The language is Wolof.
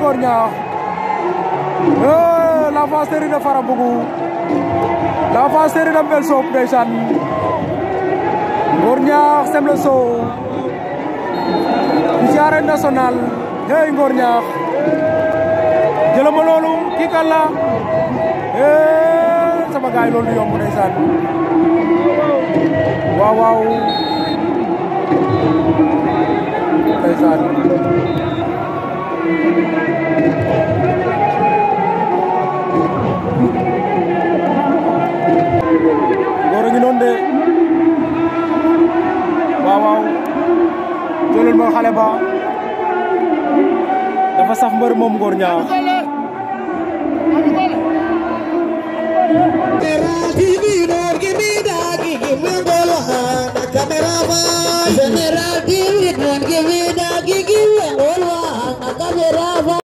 Gornya, Eh, la phase série de Farabougou. La phase série de Mbelsop ndeysaan. Ngorñaax Semle Sow. ci arène nationale. Hey Ngorñaax. jëlama loolu kii la. Eh, sama gaay loolu yomb ndeysaan. wow waaw. Ngor a ngi noonu de waaw waaw jëlal ma xale ba dafa saf mbër moom Ngor Niang General, give